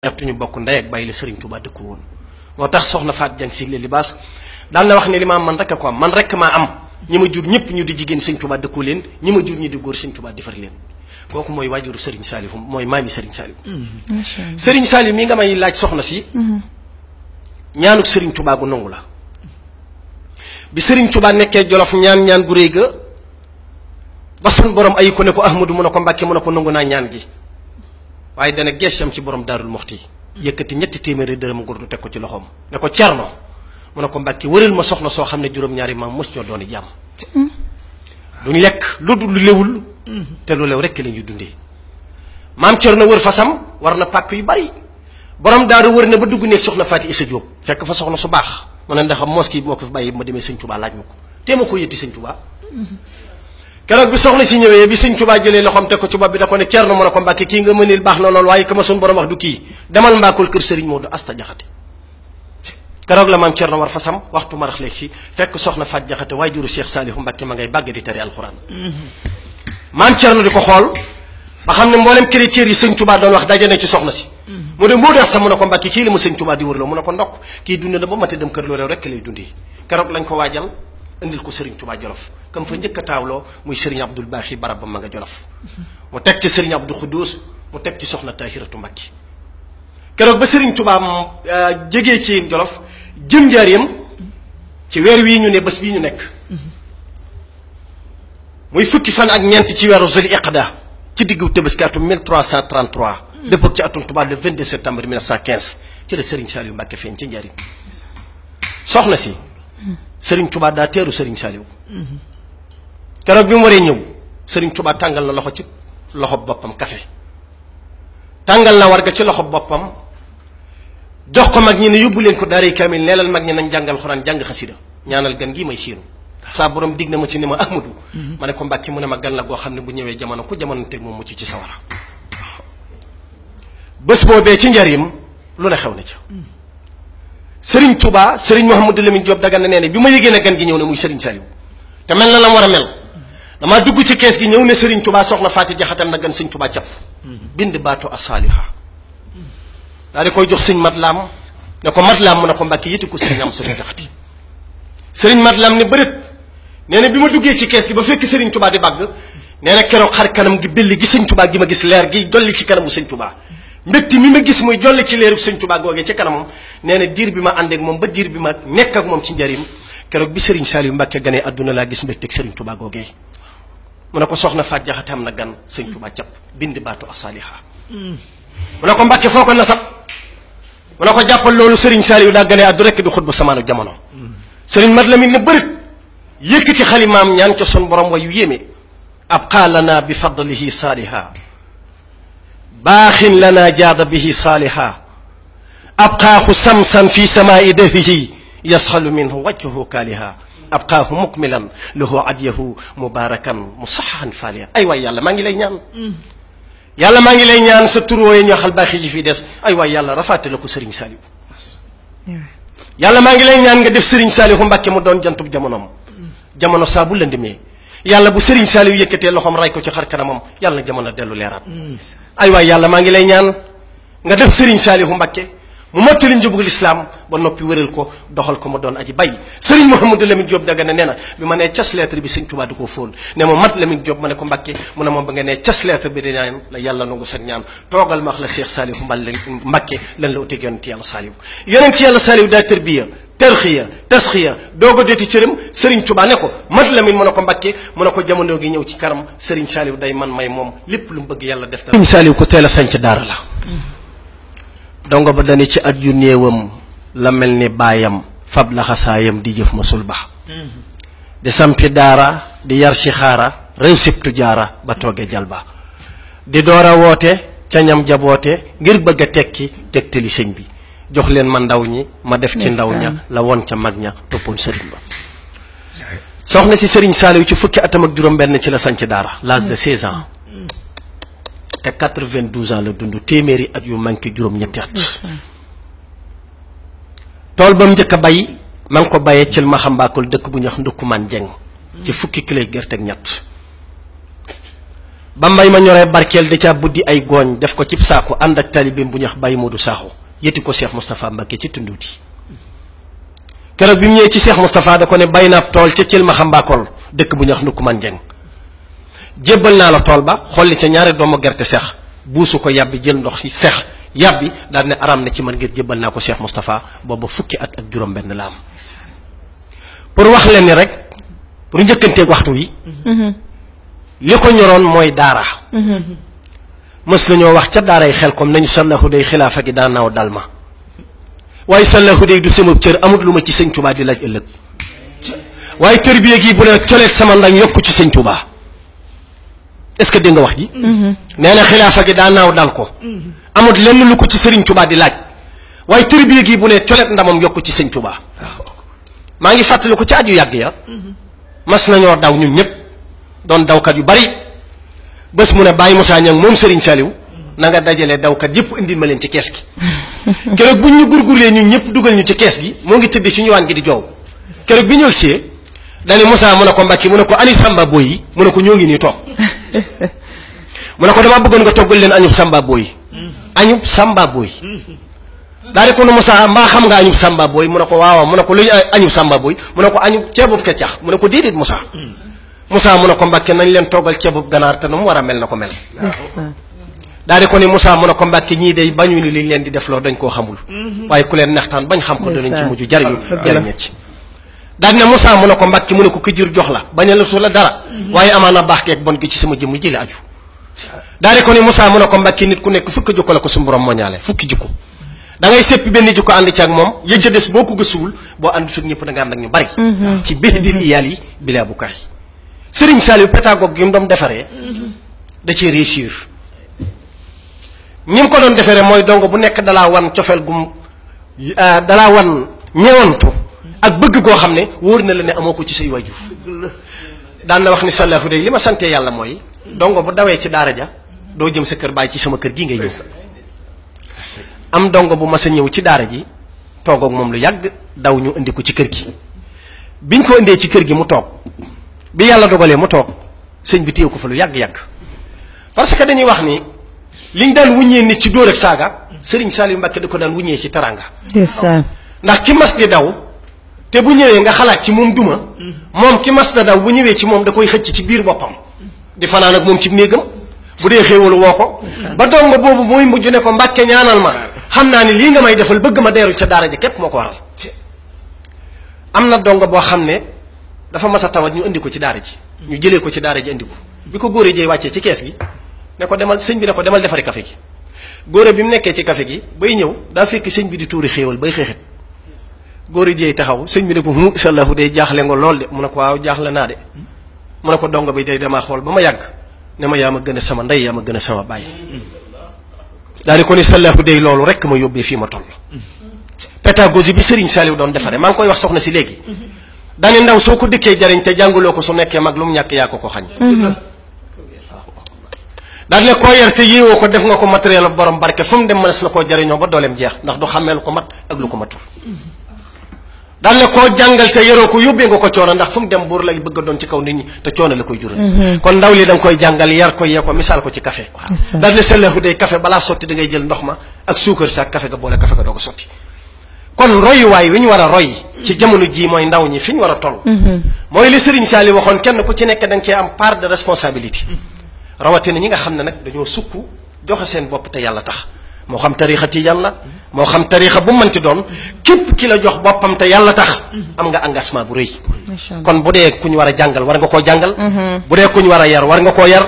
te ñu bokk ndey ak bàyyi la Serigne Touba dëkku woon moo tax soxna Faat Jang si li libaas daal na wax ne li ma am man rek a ko am man rekk maa am ñi ma jur ñëpp ñu di jigéen Serigne Touba dëkku leen ñi ma jur ñu di góor Serigne Touba defar leen kooku mooy waajuru Serigne Saliou mooy maami Serigne Saliou. Mm, macha allah Serigne Saliou mii nga may laaj soxna si. Mm-hmm. ñaanuk Serigne Touba gu nangu la. bi Serigne Touba nekkee jolof ñaan ñaan gu rëy ga ba sun borom ayi ko ne ko Ahmadu mu ne ko Mbàkke ko nangu naa ñaan gi. waaye dana geesam ci borom daarul moxti yëkkati ñetti téeméeri dërëm nguur du teg ko ci loxoom ne ko cerno mu ne ko mbàkki wëral ma soxna soo xam ne juróom-ñaari maam mos ñoo dooni jàmm duñ lekk lu dul lewul te lu rekk la ñuy dundee maam cerno wër fasam war na pàkk yu bari borom daaru wër na ba dugg néeg soxna Faati Isa Jóob fekk fa soxna su baax mu ne ndax ki moo ko fi bàyyi ma demee sëñ Tuubaa laaj ma ko te ma ko yëtti sëñ Tuubaa keroog bi soxna si ñëwee bi sëñ Tuubaa jëlee loxoom teg ko ci bi da ko ne Ceerno mu ne ko Mbàkke kii nga mënil baax na lool waaye ka ma sun borom wax du kii demal la maam Ceerno war fasam waxtu marax léegi si fekk soxna Faat Jaxate waajuru Cheikh Saalihu Mbàkke ma ngay bàgg di tari alxuraan maam Ceerno di ko xool ba xam ne mboolem chrétien yi sëñ Tuubaa doon wax daje na ci soxna si mu boo moo dex sax mu ne ko Mbàkke kii la ma sëñ Tuubaa di wërloo mu ne ko ndokk kii dund na ba mate dem kër loo réew rekk lay dundi keroog lañ ko waajal indil ko Serigne Touba Jolof kam fa njëkk a taawloo muy Serigne Abdoul Baaxi barab a ma nga Jolof mu teg ci Serigne Abdou Khoudous mu teg ci soxna Tahiratu Mbacke keroog ba Serigne Touba euh, jege ci Jolof jëm njaareem ci weer wii ñu ne bés bii ñu nekk muy fukki fan ak ñeent ci weeru Zul Iqda ci diggu Tabaski atum 1333 dëppoo ci atum tubaab le 22 septembre 1915 ci la Serigne Saliou Mbacke feeñ ci njaareem soxna si. Serigne Touba daa teeru Serigne Saliou. keroog bi mu waree ñëw sëriñ tubaat tàngal na loxo ci loxo boppam kafe tàngal na war warga ci loxo boppam jox ko mag ñi ne yóbbu leen ko daaray kaamil neelal mag ñi nañ jàngal xuraan jàng xasida ñaanal gan gi may siinu saa borom digg na ma ci ne ma Ahmadu ma ne ko Mbàkke mu ne ma gan la goo xam ne bu ñëwee jamono ku jamono teg moom mucc ci sawara bés boobee ci njariñ lu ne xew na ca Serigne Touba Serigne Mouhamadou Lamine Diop daga na nee ne bi ma yëgee ne gan gi ñëw ne muy Serigne Saliou te mel na la mu war a mel dugg ci kees gi ñëw ne Serigne Touba soxna Faati jaxatam na gan Serigne Touba caf bind baatu asaaliha daal di koy jox Serigne mat laam ne mat laam mu ne ko mbàkki yëti ko Serigne am Serigne jaxati Serigne mat laam ne bërët nee na bi ma duggee ci kees gi ba fekk Serigne tubaa di bàgg nee na keroog xar kanam gi belli gi Serigne tubaa gi ma gis leer gi dolli ci kanamu Serigne Touba mbégte mi ma gis muy jolli ci leeru Serigne Touba googee ci kanamam nee na diir bi ma ànd moom ba diir bi ma nekk ak moom ci njariñ keroog bi Serigne Saliou Mbacke gane àdduna laa gis mbégteeg Serigne Touba googee mu ne ko soxna Faat na gan Serigne Touba cap bind baatu asaliha mu ne ko Mbacke foo ko nasab mu ne ko jàppal loolu sëriñ Saliou daa ganee àddu rekk di xut samaanu jamono Serigne Mat Lamin ne bërit yëkkati xalimaam ñaan ca sun borom wayu yéeme ab qaalana bi fadlihi saaliha baaxin lana jaada bihi saaliha abqaahu samsan fi samaai dahrihi yasxalu minhu wajhuhu kaaliha abqaahu mukmilan lahu adyahu mubarakan musaxaxan faaliya ay waay yàlla maa ngi lay ñaan maa ngi lay ñaan sa turooye ñoo xal baaxi ji fi des ay waay yàlla rafaate la ko sëriñ saalihu maa ngi lay ñaan nga def sëriñ saalihu mbàkke mu doon jantub jamonoom jamono saabu la lëndëmee yàlla bu sëriñ saalihu yëkkatee loxoom ray ko ci xar kanamam yàlla jamono dellu leeraat ay yàlla maa ngi lay ñaan nga def sëriñ saalihu mbàkke mu mottali njubug lislaam ba noppi wéral ko doxal ko ma doon aji bay sëriñ Mouhamadou Lamine Diop Dagana nee na bi ma nee cas lettre bi sëñ Tuubaa di ko fóon ne mat Lamine Diop ma ne ko Mbàkke mu ne moom ba nga nee cas lettre bi di ñaan la yàlla nangu sa ñaan toogal ma wax la Cheikh Saliou Mbal Mbàkke lan la uteeg yonent yàlla Saliou yonent yàlla Saliou daa tërbiya terxiya tasxiya doog a deti cëram sëriñ ne ko mat Lamine mu ne ko Mbàkke mu ne ko jamono gi ñëw ci kanam sëriñ Saliou day man may moom lépp lu mu bëgg yàlla def na sëriñ Saliou ko teela a sanc daara la dongo ba dani ci at yu néewam la mel ni baayam fab laxasaayam di jëf ma ba di sampi daara di yar si xaara réew sibtu jaara ba tooge jalba di door a woote ca ñam jaboote ngir bëgg a tekki tegtali sëñ bi jox leen ma ndaw ñi ma def ci ndaw ña la woon ca mag ña toppoon sëriñ ba soxna si sëriñ Saaliw ci fukki atam ak juróom benn ci la sanc daara l'âge de 16 ans te 92 ans la dund téeméeri at yu manqué juróom-ñetti at. tool ba mu njëkk a bay ma ngi ko bayee cël ma dëkk bu ñuy wax ndukkumaan jeng ci fukki kilo gerte ak ñett. ba mbay ma ñoree barkeel da caa buddi ay gooñ def ko cib saako ànd ak taalibeem bu ñax bay Baye Modou Sakho yëti ko Cheikh Moustapha Mbacké ci tunduuti. keroog bi mu ñëwee ci Cheikh Moustapha da ko ne bay naa tool ca cël ma dëkk bu ñax wax ndukkumaan jeng jébbal naa la tool ba xolli ca ñaari doomu gerte seex buusu ko yàbbi jël ndox si seex yàbbi daal ne araam na ci man ngir jébbal naa ko seex Moustapha booba fukki at ak juróom-benn la am. pour wax leen ni rek pour njëkkanteeg waxtu wi. Mm-hmm. li ko ñoroon mooy daara. Mm-hmm. mës nañoo wax ca daaray xel comme nañu sallahu day xilaafa gi daa naaw dal ma waaye sallahu day du sama cër amut lu ma ci sëñ Touba di laaj ëllëg waaye tër bi gi bu ne coleet sama ndañ yokk ci sëñ est-ce que dégg nga wax ji. nee na xilaafa gi daa naaw dal ko. amut lenn lu ko ci Serigne tubaa di laaj waaye tërbiye gi bu ne colet ndamam yokk ci sëñ tubaa maa ngi fàttali ko ci aju yàgg ya. mas nañoo daw ñun ñëpp doon dawkat yu bari bés mu ne bàyyi Moussa Niang moom Serigne Saliou na nga dajale dawkat yëpp indil ma leen ci kees gi. keroog bu ñu gurgurlee ñun ñëpp dugal ñu ci kees gi moo ngi tëdd ci ñëwaan gi di joow keroog bi ñu ëgsee dañu Moussa mu ne ko Mbacke mu ne ko Aliou Samba yi mu ne ko ñoo ngi nii toog. mu ne ko dama bëggoon nga toggal leen añub samba booy añub samba booy daa di ko nu Moussa mbaa xam nga añub samba booy mu ne ko waaw mu ne ko luy añub samba booy ko añub ceebub keccax mu ne ko déedéet Moussa Moussa mu ne ko Mbàkke nañ leen toggal ceebub ganaar te nu mu war a mel na ko mel daa ko ni musaa mu ne ko Mbàkke ñii day bañu ni liñ leen di def defloo dañ koo xamul mhm. waaye ku leen naxtaan bañ xam ko danañ ci mujj jariñu jariñu ci daal ne Moussa mu ne ko mbàkki mu ne ko ki jur jox la bañ a latu la dara mhm. waaye amaana baax keeg bon gi ci sama jëmm ji la aju daa di ko ni Moussa mu a ko mbàkki nit ku nekk fukk jikko la ko su borom moñaale fukki jikko da ngay séppi benn jikko ànd ci ak moom yëg sa des boo ko gëstuwul boo ànd sut ñëpp da nga ànd ak ñu bari mhm. ci biir dir iyaal yi bilaa bu kaay Sëriñ Saliou pédagogue yi mu doon defaree mhm. da ci réussir ñi ko doon defaree mooy dongo bu nekk dalaa wan cofeel gum ah, dalaa wan ak bëgg goo xam ne wóor na la ne amoo ko ci say waajur daan na wax ni sallahu day li ma sante yàlla mooy dongo bu dawee ci daara ja doo jëm sa kër bàyyi ci sama kër gi ngay ñëw am dongo bu mas a ñëw ci daara ji toog moom lu yàgg daw ñu indi ko ci kër gi biñ ko indee ci kër gi mu toog bi yàlla dogalee mu toog sëñ bi téye ko fa lu yàgg-yàgg parce que dañuy wax ni li liñ daan wuññee nit ci dóor ak saaga sëriñ yu Mbacke da ko daan wuññee ci taranga ndax ki mas di daw te bu ñëwee nga xalaat ci moom duma moom ki mas na daw bu ñëwee ci moom da koy xëcc ci biir boppam di fanaan ak moom ci néegam bu dee xéewalu woo ko ba doom boobu mooy mujj ne ko mbàkke ñaanal ma xam naa ni lii nga may defal bëgg ma deeru ca daara ji képp moo ko waral am na donga boo xam ne dafa mas a tawat ñu indi ko ci daara ji ñu jëlee ko ci daara ji indi ko bi ko góoree jëy wàccee ci kees gi ne ko demal sëñ bi ne ko demal defari kafe gi góore bi mu nekkee ci kafe gi bay ñëw daa fekk sëñ bi di tuuri xéewal bay xeexit góor yi taxaw sëñ bi ne ko mu sallahu day jaaxle nga lool de mu ne ko waaw jaaxle naa de mu ne ko dong bi day demaa xool ba ma yàgg ne ma yaa gën a sama ndey yaa ma gën a baay daal di ko ni sallahu loolu rek ma yóbbee fii ma toll pédagogie bi Serigne Saliou doon defaree maa ngi koy wax soxna si léegi daane ndaw soo ko dëkkee jariñ te jàngaloo ko su nekkee mag lu ñàkk yaa ko ko xañ daal koo yar te yéewoo ko def nga ko matériel borom barke fu mu dem ma mënees la koo jariñoo ba dooleem jeex ndax du xàmmee lu ko mat ak lu ko matul daan na koo jàngal te yaroo ko yóbbee nga ko coono ndax fu mu dem buur lay bëgg a doon ci kaw nit ñi te coono la koy jural mm-hmm. Mm-hmm. kon ndaw li da koy jàngal yar ko yee ko misaal ko ci café daan na sellahu jël ndox ma ak suukar sa ak café ga boole café ga doo ko sotti kon royuwaay wi ñu war a roy ci jamono jii mooy ndaw ñi fi ñu war a toll mm-hmm. mooy li saa Saliou waxoon kenn ku ci nekk danga nga cee am part de responsabilité rawatina ñi nga xam ne nag dañoo sukk joxe seen bopp te yàlla tax moo xam tariixa tijaan la moo xam tariixa bu mën ci doon képp ki la jox boppam te yàlla tax am nga engagement bu rëy kon bu dee ku ñu war a jàngal war nga koo jàngal mhm. bu dee ku ñu war a yar war nga koo yar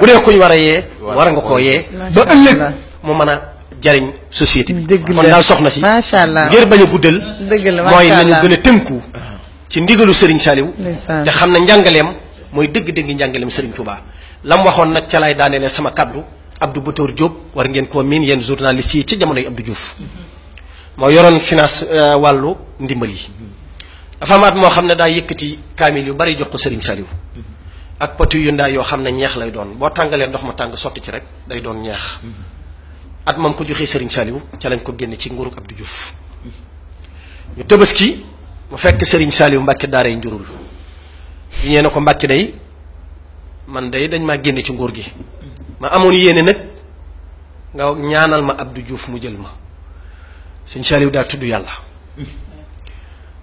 bu ñu war a yee war nga koo yee ba ëllëg mu mën a jariñ société bi kon daal soxna si ngir bañ a guddal mooy nañu gën a tënku ci ndigalu sëriñ Saliou te xam ne njàngaleem mooy dëgg-dëgg njàngaleem sëriñ Touba lam waxoon nag ca lay daaneele sama kaddu Abdou Batour Diop war ngeen koo miin yéen journalistes yi ci jamono yi Abdou Diouf moo yoroon finance euh, wàllu ndimbal yi dafa amaat moo xam ne daa yëkkati kaamil yu bari jox ko Serigne Saliou ak poti yu ndaa yoo xam ne ñeex lay doon boo tàngalee ndox mu tàng sotti ci rek day doon ñeex at moom ko joxee sëriñ Saliou ca lañ ko génne ci nguurug Abdou Diouf ñu Tabaski mu fekk Serigne Saliou Mbàkke daaray njurul ñee na ko Mbàkke day man day dañ maa génne ci nguur gi ma amoon yéene nag nga ñaanal ma du Diouf mu jël ma sëñ Saliou daa tudd yàlla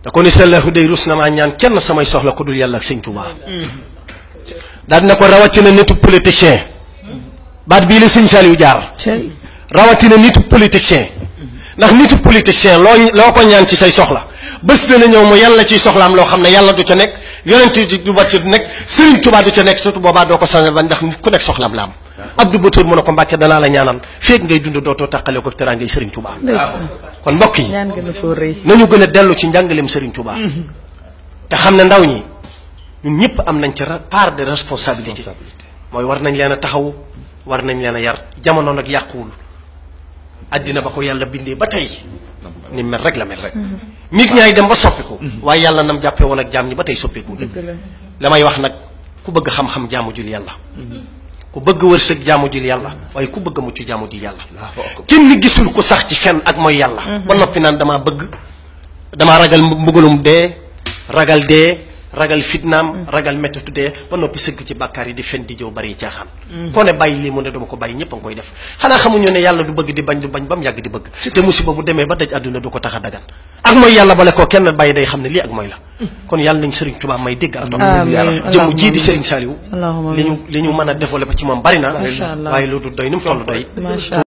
da ko ni sallahu day rus na maa ñaan kenn samay soxla ko dul yàlla ak sëñ daal na ko rawatina nitu politicien baat bii la sëñ Saliou jaar rawatina nitu politicien ndax nitu politicien loo loo ko ñaan ci say soxla bés dana ñëw mu yàlla ciy soxlaam loo xam ne yàlla du ca nekk yonent du ba ci du nekk sëriñ Touba du ca nekk surtout boobaa doo ko sañal ba ndax ku nekk soxlaam la am Abdou Batoor mu ne ko Mbàkke danaa la ñaanal feeg ngay dund dootoo tàqale ko teraangay Serigne Touba. kon mbokk yi nañu gën a dellu ci njàngaleem Serigne Touba. Mm-hmm. te xam ne ndaw ñi ñun ñëpp am nañ ci part de responsabilité. mooy war nañ leen a taxaw war nañ leen a yar jamono nag yàquwul àddina ba ko yàlla bindee ba tey ni mel rek la mel rek. Mm-hmm. nit ñaay dem ba soppiku. Mm-hmm. waaye yàlla nam jàppee woon ak jaam ñi ba tey soppeeku. la may wax nag ku bëgg xam-xam jaamu jul yàlla. ku bëgg wërsëg jaamu jil yàlla waaye ku bëgg a mucc jaamu jil yàlla kenn gisul ko sax ci fen ak mooy yàlla mhm. ba noppi naan damaa bëgg damaa ragal mbugalum dee ragal dee ragal fitnaam ragal métti tuddee ba noppi sëgg ci bàkkaar yi di fen di jëw bari caaxaan koo ne bàyyi lii mu ne dama ko bàyyi ñëpp a ngi koy def xanaa xamuñu ne yàlla du bëgg di bañ du bañ ba mu yàgg di bëgg te musiba bu demee ba daj àdduna du ko tax a dagan ak mooy yàlla bale ko kenn bàyyi day xam ne lii ak mooy la kon yàlla nañ Serigne Touba may dégg ak topp jëmm jii di Serigne Saliou li ñu li ñu mën a développé ci moom bari na waaye lu du doy ni mu toll doy